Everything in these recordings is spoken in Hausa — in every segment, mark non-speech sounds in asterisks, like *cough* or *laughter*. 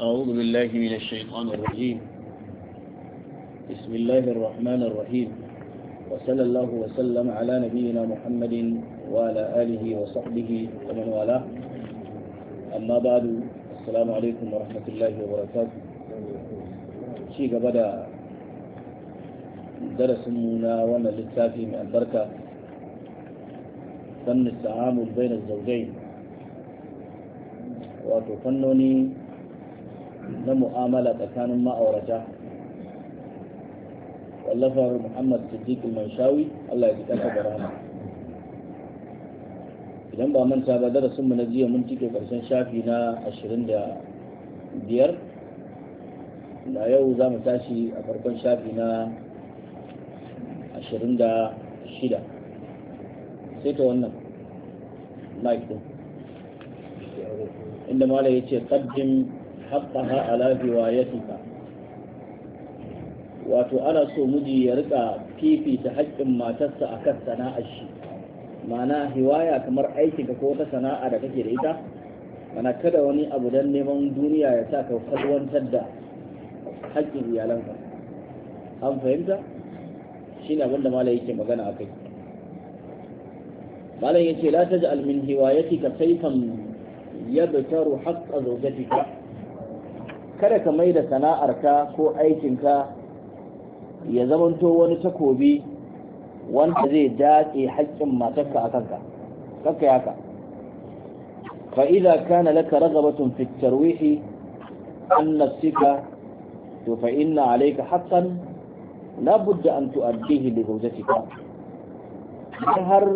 أعوذ بالله من الشيطان الرجيم بسم الله الرحمن الرحيم وصلى الله وسلم على نبينا محمد وعلى آله وصحبه ومن والاه أما بعد السلام عليكم ورحمة الله وبركاته شيء بدأ درس منا وانا للتافي من البركة فن التعامل بين الزوجين وتفنني na mu'amala tsakanin ma'aurata wallafar muhammad siddiq manshawi allah ya fita da rana idan ba manta ba darasin mu na jiya mun cike karshen shafi na 25 da yau za mu tashi a farkon shafi na 26 sai ta wannan mike din inda mala ya ce kaddin haqqaha ala riwayatika wato ana so miji ya rika fifita haƙƙin matarsa akan sana'ar shi ma'ana hiwaya kamar aikinka ko wata sana'a da kake da ita mana kada wani abu don neman duniya ya sa ka kalwantar da haƙƙin iyalanka an fahimta shi ne abinda malai yake magana a kai malai yake la ta ji almin hiwayati ka saifan ya haƙƙa zaujatika kada ka mai da sana'arka ko aikinka ya zamanto wani takobi wanda zai datse haƙƙin matarka a kanka kakka yaka fa'iza kana laka ragabatun fitar wihi an nafsika to fa'inna alaika haƙƙan labudda an tu'addihi da zaujatika har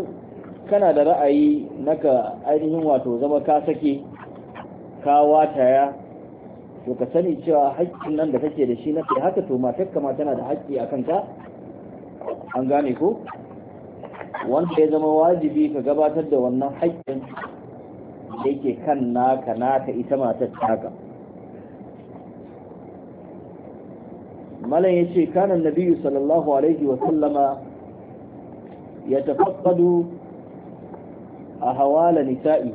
kana da ra'ayi naka ainihin wato zama ka sake ka ya. to ka sani cewa haƙƙin nan da kake da shi na kai haka to matar kama tana da haƙƙi a kanta, an gane ko wanda ya zama wajibi ka gabatar da wannan haƙƙin da yake kan naka naka ita matar haka. malam ya ce kanan nabiyu sallallahu alaihi wa sallama ya tafaffadu a hawala nisa'i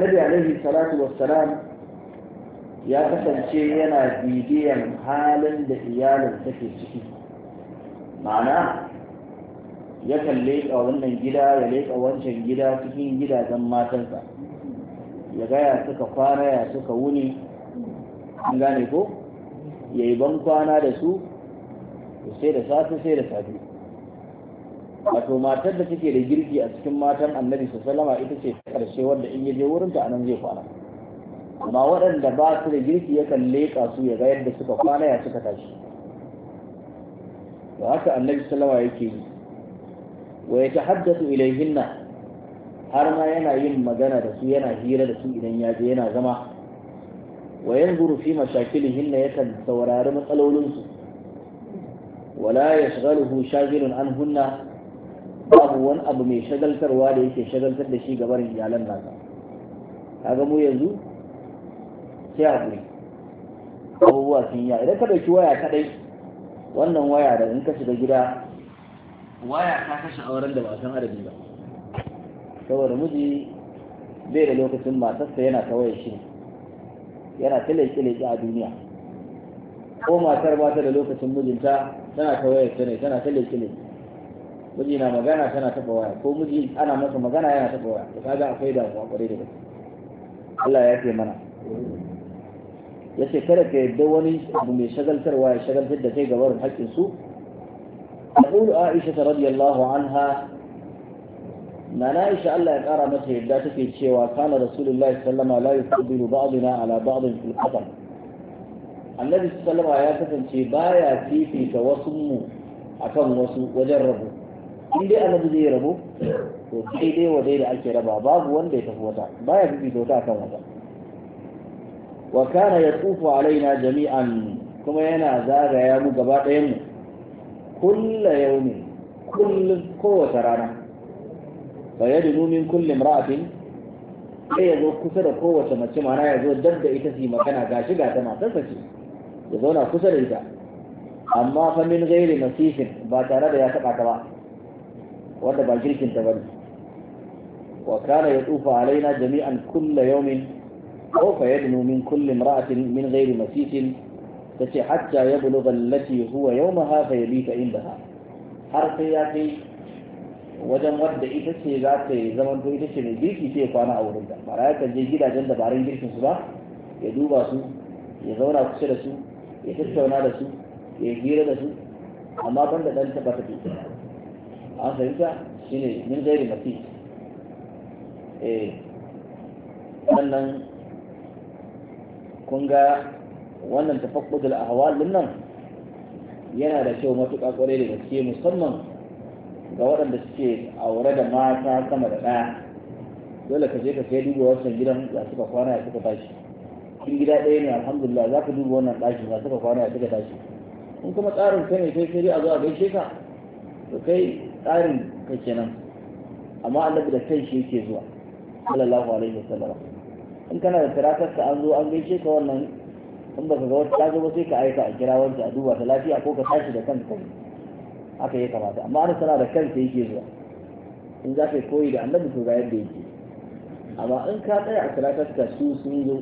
nabi alaihi salatu wassalam ya kasance yana bidiyan halin da iyalin take ciki ma'ana yakan leƙa wannan gida ya leƙa wancan gida cikin gidajen matansa ya gaya suka kwana ya suka wuni an gane ko ya yi ban kwana da su sai da safe sai da safe wato matar da take da girki a cikin matan annabi sallama ita ce ta ƙarshe wanda in ya je wurinta anan zai kwana ba waɗanda ba su da girki yakan leƙa su ya ga yadda suka kwana ya suka tashi da haka annabi sallama yake yi wa ya tahaddathu hinna? har ma yana yin magana da su yana hira da su idan ya je yana zama wa yanzuru fi ya yakan saurari matsalolinsu. matsalolin su wala yashghaluhu an hunna babu wani abu mai shagaltarwa da yake shagaltar da shi gabar iyalan nasa kaga mu yanzu sai abubuwa sun yi idan ka ɗauki waya kaɗai wannan waya da in ka shiga gida waya ta kashe auren da ba san adadi ba saboda miji bai da lokacin matarsa yana ta waya shi yana ta leke-leke a duniya ko matar ba ta da lokacin mijinta tana ta waya ta ne tana ta leke-leke, miji na magana tana taɓa waya ko miji ana masa magana yana taɓa waya ta kaga akwai damuwa ƙwarai da gaske Allah ya ce mana ya ce kada ka yadda wani abu mai shagaltarwa ya shagaltar da kai ga barin haƙƙin su تقول عائشة رضي الله عنها ما نائشة الله Allah ya ƙara mata yadda رسول الله صلى الله عليه وسلم لا يقبل بعضنا على بعض في annabi sallama ya kasance baya fifita wasu mu akan wasu wajen rabu in dai annabi zai rabu to sai dai wa dai da ake raba babu wanda ya tafi wata baya fifita wata akan wata wa kana yatufu alaina jami'an kuma yana zagaya mu gaba ɗayan mu kulla yawmin kullum kowace rana fa yadnu min kulli imra'atin sai ya zo kusa da kowace mace mana ya zo dab da ita su magana gashi ga ta matarsa ce ya zauna kusa da ita amma fa min ghairi nasihin ba tare da ya taɓa ta ba wanda ba girkin ta ne wa kana yatufu alaina jami'an kulla yawmin ko min سوف يدنو من كل امرأة من غير مسيس تشي حتى يبلغ التي هو يومها har sai ya ياتي wajen wadda ita ce za ta yi zaman to ita ce mai girki ce kwana a wurin da mara ya kan je gidajen dabarun barin girkin su ba ya duba su ya zauna kusa da su ya tattauna da su ya hira da su amma ban da dan ba ta tuta an fahimta shine min gairi mafi eh sannan kun ga wannan tafakkudul ahwal din nan yana da kyau matuƙa kwarai da gaske musamman ga waɗanda suke aure da mata sama da ɗaya dole ka je ka kai duba wannan gidan ya suka kwana ya suka tashi in gida ɗaya ne alhamdulillah za ka duba wannan ɗakin ya suka kwana ya suka tashi in kuma tsarin kai ne sai sai a zo a gaishe ka to kai tsarin kake kenan amma annabi da kai shi yake zuwa sallallahu alaihi wasallam in kana da taratar ka an zo an gaishe ka wannan in ba ka ga wata ta sai ka aika a kira wancan a duba ta lafiya ko ka tashi da kanka ne haka ya kamata amma ana sana da kanka yake zuwa in za ka yi koyi da annabi to ga yadda yake amma in ka tsaya a taratar ka su sun zo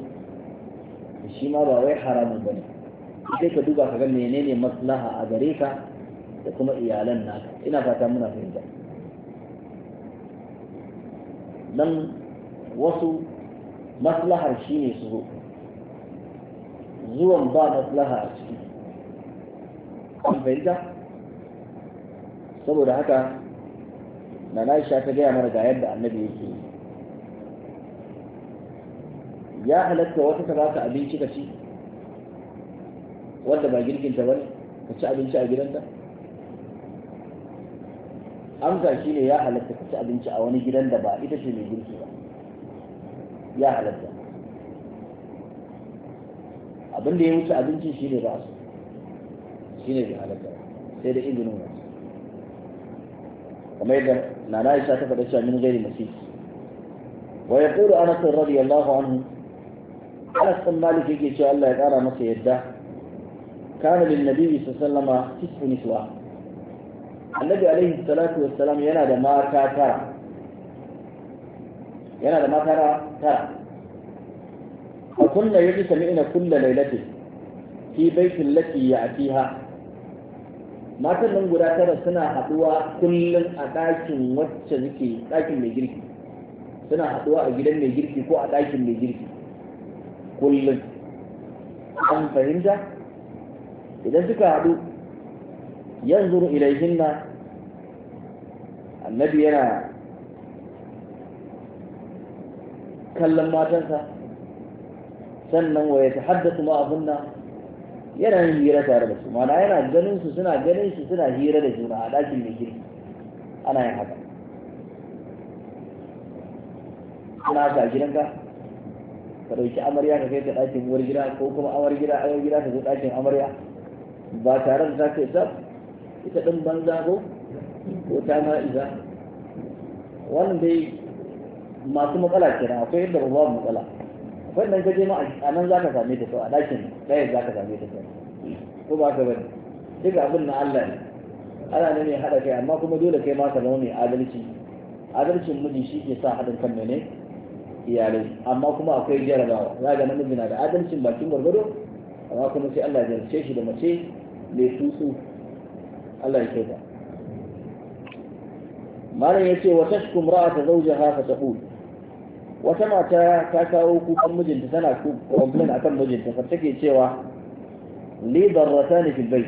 shi ma ba wai haramun ba ne sai ka duba ka ga menene maslaha a gare ka da kuma iyalan naka ina fata muna fahimta nan wasu maslahar shi ne su zo zuwan ba maslaha a ciki an fahimta saboda haka na Aisha ta gaya mara ga yadda annabi yake yi ya halatta wata ta baka abinci ka ci wanda ba girkin ta bane ka ci abinci a gidanta amsa shi ne ya halatta ka ci abinci a wani gidan da ba ita ce mai girki ba ya halatta abin da ya wuce abincin shi ne ba su shi ne bai halatta sai da izinin wasu kamar yadda nana aisha ta faɗa cewa min gairi masif wa ya yaqulu anas radiyallahu anhu anas bin malik yake cewa Allah ya ƙara masa yadda kana lin nabiyyi sallallahu alaihi wasallam tis'u niswa annabi alaihi salatu wassalam yana da mata tara yana da mata tara a kunna yaji sami'ina kulla lailatin fi baitin lati ya atiha matan nan guda tara suna haduwa kullum a ɗakin wacce suke ɗakin mai girki suna haduwa a gidan mai girki ko a ɗakin mai girki kullum an fahimta idan suka haɗu yanzuru ilaihinna annabi yana kallon matansa sannan wa ya tahaddathu ma abunna yana yin hira tare da su mana yana ganin su suna ganin su suna hira da juna a ɗakin mai girki ana yin haka suna ka a gidanka ka ɗauki amarya ka kai ta ɗakin uwar gida ko kuma amar gida amar gida ka zo ɗakin amarya ba tare da ta kai zaf ita ɗin banza ko ko ta ma'iza wannan dai masu matsala kenan akwai inda ba babu matsala akwai nan kaje ma a nan zaka same ta sau a ɗakin ɗaya zaka same ta sau ko ba ka bari duka abin na Allah ne ana ne mai haɗa kai amma kuma dole kai ma ka zama mai adalci adalcin miji shi ke sa hadin kan ne iyalai amma kuma akwai jarabawa za ga namiji na da adalcin bakin gwargwado amma kuma sai Allah ya jarce shi da mace mai tutsu Allah ya kyauta malam ya ce wa tashkum ra'ata zawjaha fa taqul wata mata ta kawo kukan mijinta tana complain akan mijinta fa take cewa li darratan fil bayt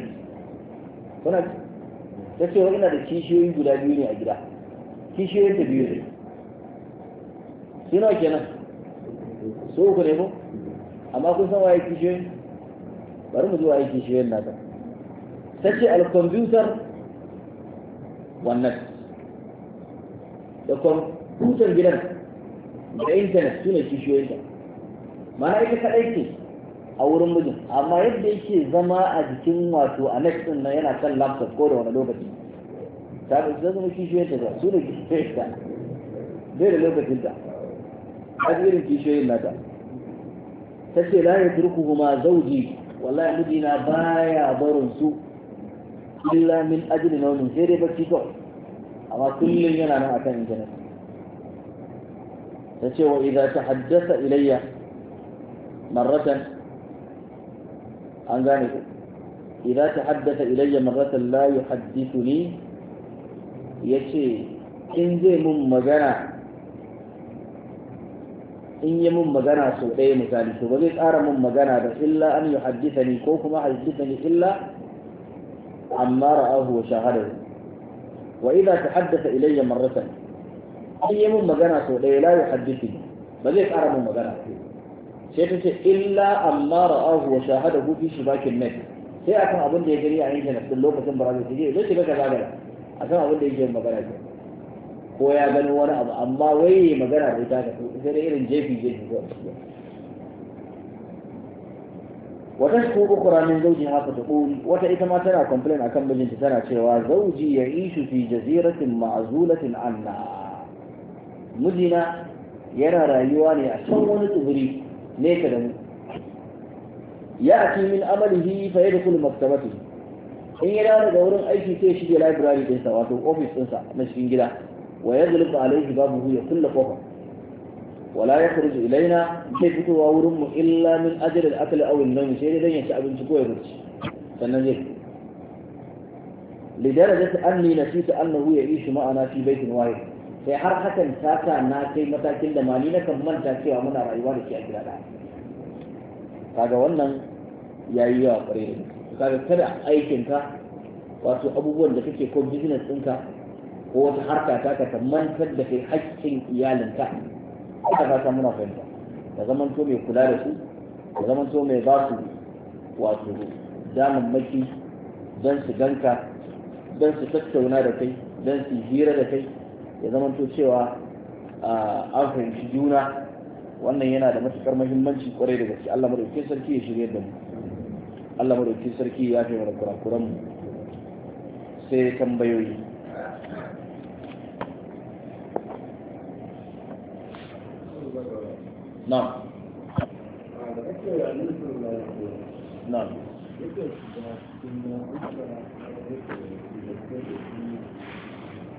kuna ta ce ina da kishiyoyi guda biyu ne a gida kishiyoyin ta biyu ne shi nawa kenan so ku ne mu amma kun san waye kishiyoyin bari mu ji waye kishiyoyin nata ta ce al-computer wannan da computer gidan da intanet su ne kishiyoyinta mana ita kaɗai ce a wurin mijin amma yadda yake zama a jikin wato a next din nan yana kan laptop ko da wani lokaci ta ga su zama kishiyoyin ba su ne kishiyoyinta bai da lokacinta a irin kishiyoyin nata ta ce la ya turku kuma zauji wallahi mijina baya barin su illa min ajli naumin sai dai bacci kawai amma kullum yana nan akan internet tace wa idan ta haddasa ilayya marratan an gane ku idza tahaddatha ilayya marratan la yuhaddithuni yace in zai mun magana in yi mun magana sau ɗaya misali to ba zai ƙara mun magana da illa an yi haddisa ni ko kuma haddisa ni illa amma ra'ahu wa shahada wa idan ta haddasa ilayya marratan an yi mun magana sau ɗaya la yuhaddithu ba zai ƙara mun magana sai ta ce illa amma ra'ahu wa shahadahu fi shibakin nafs sai akan abin da ya gani a intanet din lokacin ba zai je zai shiga kaza kaza akan abin da yake magana ke ko ya gano wani abu amma wai magana da ita ka sai da irin jefi jefi ko wata shiko ukura min zauji haka ta ƙuri wata ita ma tana complain akan mijinta tana cewa zauji ya ishu fi jaziratin ma'azulatin anna mijina yana rayuwa ne a can wani tsibiri ne nesa da mu ya ati min amalihi fa yadkhulu maktabati in ya dawo daga wurin aiki sai ya shige library ɗinsa wato office ɗinsa na cikin gida wa yadhliqu babu hu ya kulla kofa wala ya yakhruju ilaina zai fitowa wurin mu illa min ajli da akl aw an-nawm sai dai ya ci abinci ko ya burci sannan zai لدرجة أني نسيت أنه يعيش معنا في بيت واحد sai har hakan ta sa na kai matakin da mali na kan manta cewa muna rayuwa da ke a gida kaga wannan ya yi yawa kwarai da kaga kada aikinka wato abubuwan da kake ko business ɗinka ko wata harka ta ka mantar da kai haƙƙin iyalinka ta ka san muna fahimta ka zaman to mai kula da su ka zaman to mai ba su wato damammaki don su ganka don su tattauna da kai don su hira da kai ya zama to cewa an fahimci juna wannan yana da matukar muhimmanci kwarai da gaske Allah madaukakin sarki ya shirye da mu Allah madaukakin sarki ya fi mana kurakuran mu sai tambayoyi na'am na'am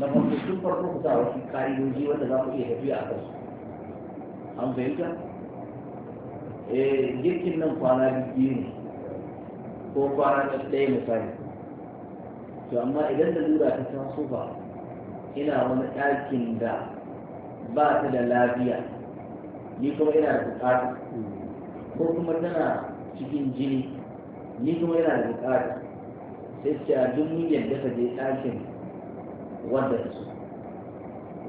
na farko tun farko ku sa wasu ƙa'idoji wanda za ku iya hafi a kansu an fahimta eh girkin nan kwana biyu ne ko kwana ɗaya misali to amma idan da lura ta taso ba ina wani ɗakin da ba ta da lafiya ni kuma ina da buƙata ko kuma tana cikin jini ni kuma ina da buƙata sai ce a duk mun yadda ka je ɗakin wadda ta so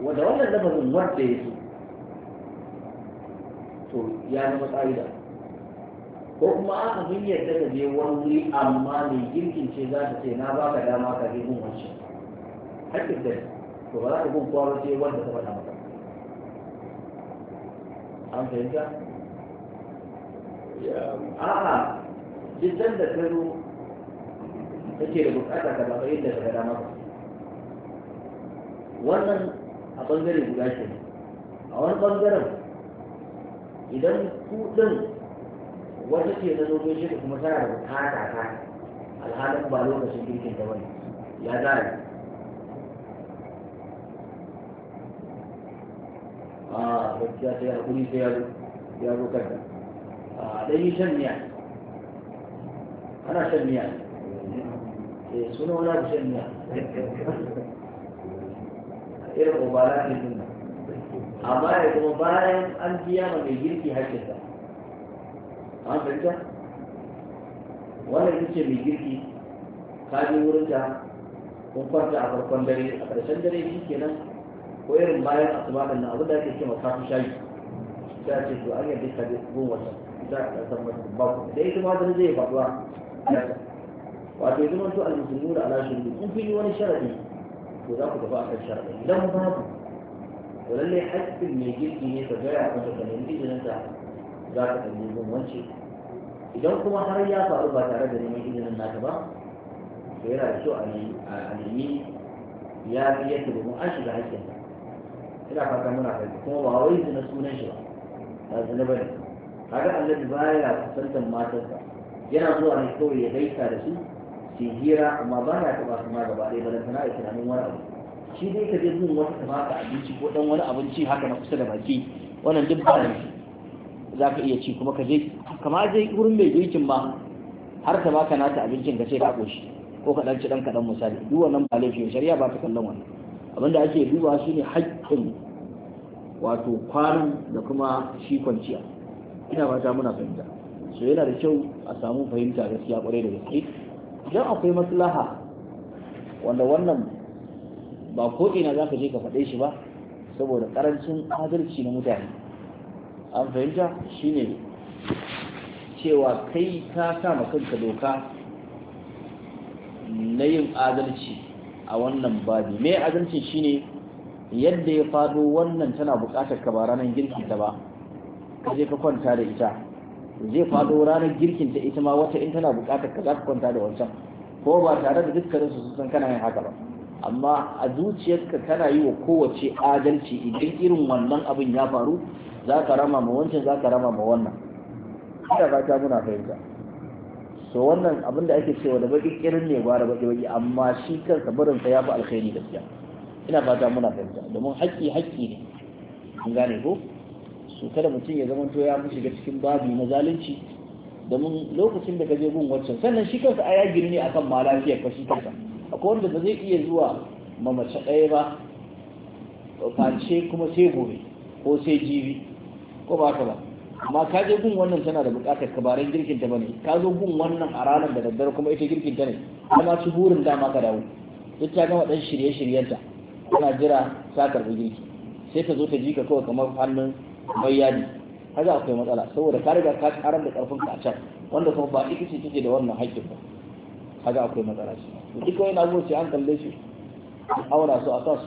wadda wannan lafazin wadda ya so to ya zama ƙa'ida ko kuma aka mun yarda da je wani amma mai girkin ce za ta ce na ba ka dama ka je mun wancan haƙƙin da to ba za ka gun kowa ce wanda ta faɗa maka an fahimta a'a duk da ta zo kake da bukata ka ba ka yadda ka ga dama ka wannan a bangare guda shi a wani bangaren idan kudin wata ke na zoge shi kuma tana da bukata ta alhalin ba lokacin girkin da wani ya zara a gaskiya sai hakuri sai ya zo ya zo kanta a yi shan miya ana shan miya ne eh, suna wani abu shan miya *laughs* irin mubala ne din amma ya kuma bayan an biya ma mai girki hakkinsa an fahimta wannan ita ce mai girki ka wurin ta kun kwanta a farkon dare a ƙarshen dare shi kenan ko irin bayan asuba ɗin nan abin da ake ce ma kafin shayi ta ce to an yadda ka gun wata za a ƙarshen wata babu da ita ma zan zai faɗuwa wato ya zama to al musulmi da ala ne? in kun yi wani sharadi to za ku gaba a kan sharaɗin idan babu to lallai haƙƙin mai girki ne ka gaya a kan nemi izininsa sa za ka ɗan nemi wance idan kuma har ya faru ba tare da neman izinin naka ba to yana da kyau a nemi ya fi yadda domin an shiga haƙƙin sa ina fata muna kai kuma ba wai zina sunan shi ba ba zina ne kaga annabi baya kusantar matarsa yana zuwa ne kawai ya gaisa da su ke hira amma ba na taɓa su ma gaba ɗaya sana'a na tunanin wani abu shi dai ka je zuwa wata ka abinci ko ɗan wani abinci haka na kusa da baki wannan duk ba ne za ka iya ci kuma ka je kama je wurin mai girkin ma har ka baka nata abincin ka ce ka ƙoshi ko ka ɗan ɗan kaɗan misali duk wannan ba laifi shari'a ba ta kallon wani Abin da ake duba shi ne haƙƙin wato kwanan da kuma shi kwanciya ina fata muna fahimta so yana da kyau a samu fahimta gaskiya ƙwarai da gaske idan akwai maslaha wanda wannan ba ko ina za ka je ka faɗe shi ba saboda ƙarancin adalci na mutane an fahimta ne cewa kai ka sa kanka doka na yin adalci a wannan babi mai adalci ne yadda ya faɗo wannan tana buƙatar ka ba ranar girki ta ba ka je ka kwanta da ita zai faɗo ranar girkin ta ita ma wata in tana buƙatar ka za ka kwanta da wancan ko ba tare da dukkanin su san kana yin haka ba amma a zuciyarka kana yi wa kowace adalci idan irin wannan abin ya faru za ka rama ma wancan za ka rama ma wannan ina fata muna fahimta so wannan abin da ake cewa da baki kirin ne gwara baki baki amma shi kansa barinsa ya fi alkhairi gaskiya ina fata muna fahimta domin haƙƙi haƙƙi ne an gane ko so kada mutum ya zama to ya mu shiga cikin babi na zalunci domin lokacin da ka je gun wancan sannan shi kansa a ya girni akan ma lafiyar ka shi kansa akwai wanda ba zai iya zuwa ma mace ɗaya ba face kuma sai gobe ko sai jibi ko ba ka ba amma ka je gun wannan tana da buƙatar kabarin girkin ta bane ka zo gun wannan a ranar da daddare kuma ita girkin ta ne kuma ci burin dama ka dawo duk ta gama ɗan shirye-shiryenta tana jira sa karɓi girki sai ta zo ta ji ka kawai kamar hannun bayani kaga akwai matsala saboda ka riga ka karar da karfin ka a can wanda kuma ba ita ce take da wannan haƙƙin ba kaga akwai matsala shi to duka yana abubuwa sai an kalle shi aura su a sa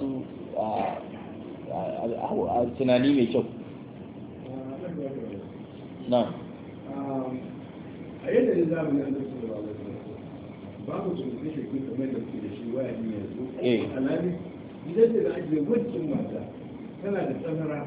su a tunani mai kyau na a yadda da zamanin da su da babu su da shi kuma kamar da su da shi waya ne yanzu eh. alhali idan da ajiye wajen mata tana da tsanara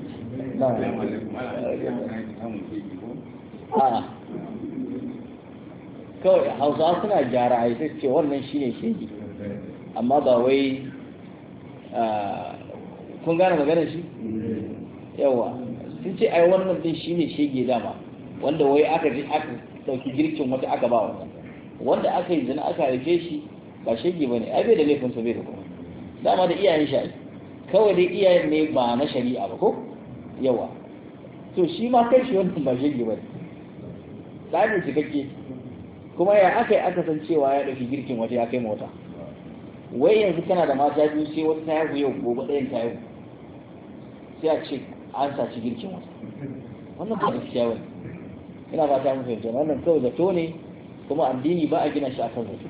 Ah. kawai hausawa suna gyara a yi ce wannan shi ne shege amma ba wai ah, kun gane maganar shi yawa sun ce ai wannan din shi ne shege dama wanda wai aka ji aka dauki girkin wata aka ba wannan wanda aka yi zina aka haife shi ba shege ne ai bai da laifin sa bai da kuma dama da iyayen shi kawai dai iyayen ne ba na shari'a ba ko yawa to shi ma kai shi wannan ba shege ba tsarin shi kake kuma ya aka yi aka san cewa ya ɗauki girkin wata ya kai mota wai yanzu kana da mata biyu sai wata ta haihu yau gobe ɗayan ta haihu sai a ce an saci girkin wata wannan ba gaskiya bane ina ba ta mu fahimta wannan kawai zato ne kuma addini ba a gina shi akan zato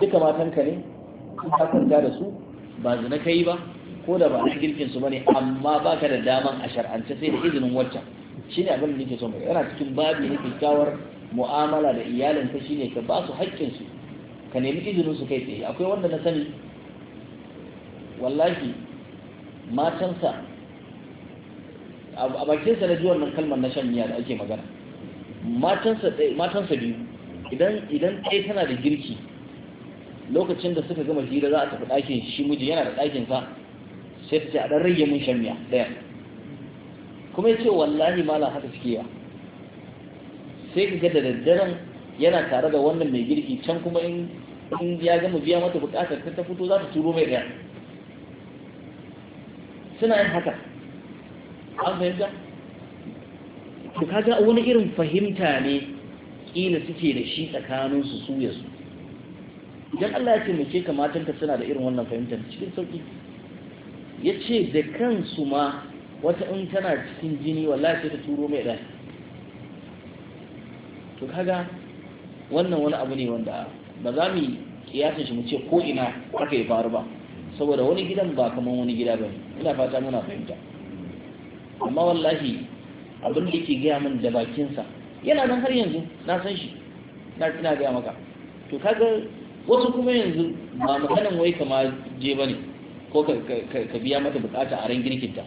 duka matan ka ne ka kwanta da su ba zina kai ba ko da ba na girkin su bane amma baka da daman a shar'ance sai da izinin wacce shine abin da nake so mai yana cikin babu na kawar mu'amala da iyalin ka shine ka ba su haƙƙin su ka nemi izinin su kai tsaye akwai wanda na sani wallahi matansa a sa na ji wannan kalmar na shan miya da ake magana matansa biyu idan idan ɗaya tana da girki lokacin da suka gama hira za a tafi ɗakin shi miji yana da ɗakin sa sai ta ce a ɗan rage mun shan miya ɗaya kuma ya ce wallahi malam haka suke ya. sai ka ga da daddaren yana tare da wannan mai girki can kuma in ya gama biya mata buƙatar ta fito za ta turo mai ɗaya suna yin haka an fahimta to kaga wani irin fahimta ne ƙila suke da shi tsakaninsu su suya su idan Allah ya ce mace kamatanta suna da irin wannan fahimtar cikin sauƙi. ya ce da kansu ma wata in tana cikin jini wallahi sai ta turo mai ɗan to kaga wannan wani abu ne wanda ba za mu yi shi mu ce ko ina haka ya faru ba saboda wani gidan ba kamar wani gida ba ina fata muna fahimta amma wallahi abin da ke gaya min da bakinsa yana nan har yanzu na san shi na tuna gaya maka to kaga wasu kuma yanzu ba kanin wai kama je ba ne ko ka biya mata bukata a ran girkin ta,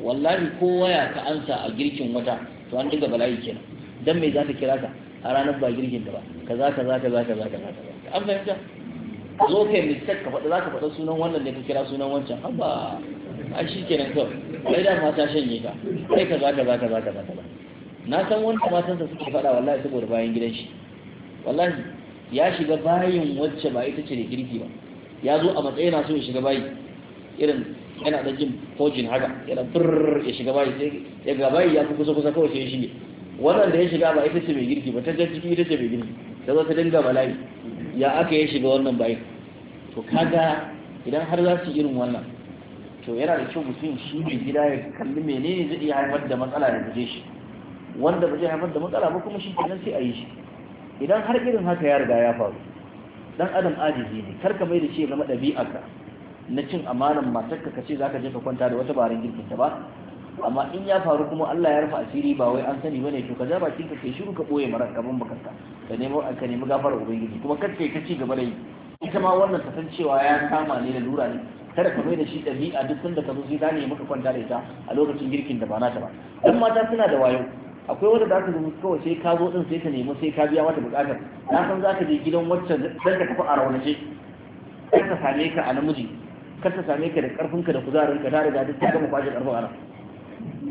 wallahi ko waya ka ansa a girkin wata to an dinga bala'i kenan dan me zaka kira ka a ranar ba girkin ta ba kaza kaza kaza kaza kaza an fahimta zo kai mistake ka faɗa zaka ka faɗa sunan wannan da ka kira sunan wancan haba an shi kenan kawai sai da mata shanye ka kai ka zaka kaza kaza kaza ba na san wanda sa suke faɗa wallahi saboda bayan gidan shi wallahi ya shiga bayin wacce ba ita ce da girki ba ya zo a matsayin so ya shiga bayi irin yana da jin fojin haka yana turr ya shiga bayi sai ya ga bayi ya fi kusa kusa kawai sai shi wannan da ya shiga ba ita ce mai girki ba ta jajjiki ita ce mai girki ta zo ta dinga bala'i ya aka ya shiga wannan bayin to kaga idan har za su irin wannan to yana da kyau mutum shi mai gida ya kalli menene zai iya haifar da matsala ya guje shi wanda ba zai haifar da matsala ba kuma shi kenan sai a yi shi idan har irin haka ya riga ya faru dan adam ajizi ne kar ka mai da shi ya zama ɗabi'arka na cin amanan matarka ka ce zaka je ka kwanta da wata baran girkin ta ba amma in ya faru kuma Allah ya rufa asiri ba wai an sani bane to ka ja bakin ka kai shiru ka boye mara kaman bakanka ka nemo ka nemi gafarar ubangiji kuma kar ka ci gaba da yi ita ma wannan ta san cewa ya kama ne da lura ne kada ka mai da shi ɗabi'a duk sun da ka zo sai ya maka kwanta da ita a lokacin girkin da ba nata ba dan mata suna da wayo akwai wanda za ka zo kawai sai ka zo din sai ka nemi sai ka biya mata bukatar na san za ka je gidan waccan zan ka tafi a raunace sai ka same ka a namiji kar ta same ka da karfinka da kuzarinka ta riga duk ta gama kwashe karfin ana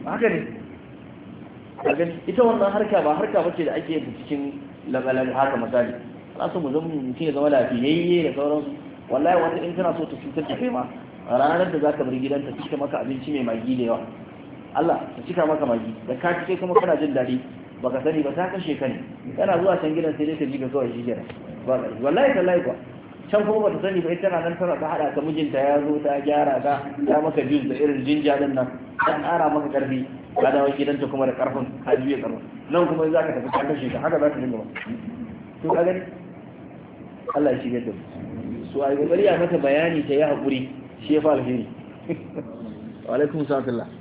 haka ne ita wannan harka ba harka bace da ake cikin lagalaga haka misali Za su mu zama mutum ya zama lafiyayye da sauransu wallahi wata in kana so ta cutar ta kai ma ranar da ka bar gidan ta cika maka abinci mai magi da yawa Allah ta cika maka magi da ka cike kuma kana jin daɗi baka sani ba ta kashe ka ne kana zuwa can gidan sai dai ka ji ka kawai shi kenan wallahi tallahi kuwa can kuma bata sani bai tana nan tana ta hada ta mijinta ya zo ta gyara ta ta maka jin da irin jinja din nan ta ƙara maka karfi ka dawo gidanta kuma da karfin ka juye karfi nan kuma za ka tafi ka kashe ka haka za ka dinga ba to ka gani Allah ya shige da su ayi yi a mata bayani ta yi hakuri shi ya fa alheri *laughs* wa alaikum sallallahu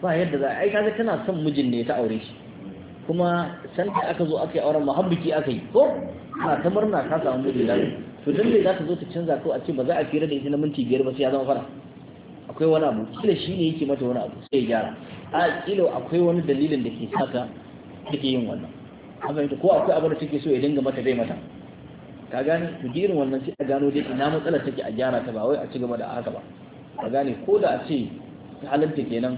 ba yadda za ai kaga tana son mijin ne ta aure shi kuma san da aka zo aka yi auren mahabbiki aka yi ko ana ta murna ta samu mijin da to dan me za ka zo ta canza ko a ce ba za a fira da ita na minti biyar ba sai ya zama fara akwai wani abu kila shi ne yake mata wani abu sai ya gyara a kila akwai wani dalilin da ke saka take yin wannan amma ko akwai abu da take so ya dinga mata bai mata ka gane to dirin wannan sai a gano dai ina matsalar take a gyara ta ba wai a ci gaba da haka ba ka gane ko da a ce ta halarta kenan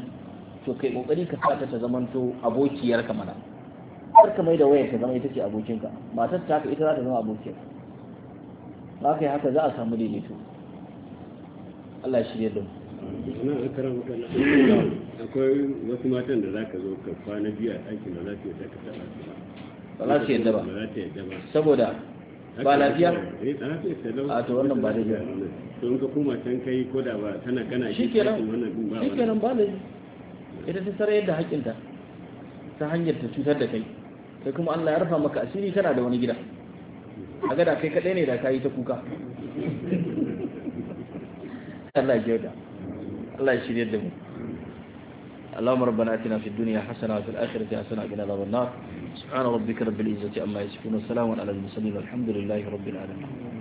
to kai kokari ka sa ta zamanto abokiyar ka mana kar ka mai da wayar ka zama ita ce abokinka matar ta ka ita za ta zama abokiyar ba kai haka za a samu daidaito Allah shi ya damu nan an karan akwai wasu matan da za ka zo ka kwana biyu a ɗakin da za su yadda ka taɓa ba ba za su yadda ba saboda ba lafiya eh, a ta wannan ba da to in ka kuma can kai ko da ba tana kana shi kenan ba da ita ta sarar da haƙinta ta hanyar ta cutar da kai sai kuma Allah ya rufa maka asiri kana da wani gida a gada kai kaɗai ne da ka yi ta kuka Allah ya kyauta Allah ya shirya da mu اللهم ربنا اتنا في الدنيا حسنه وفي الاخره حسنه وقنا عذاب النار سبحان ربك رب العزه عما يصفون وسلام على المرسلين والحمد لله رب العالمين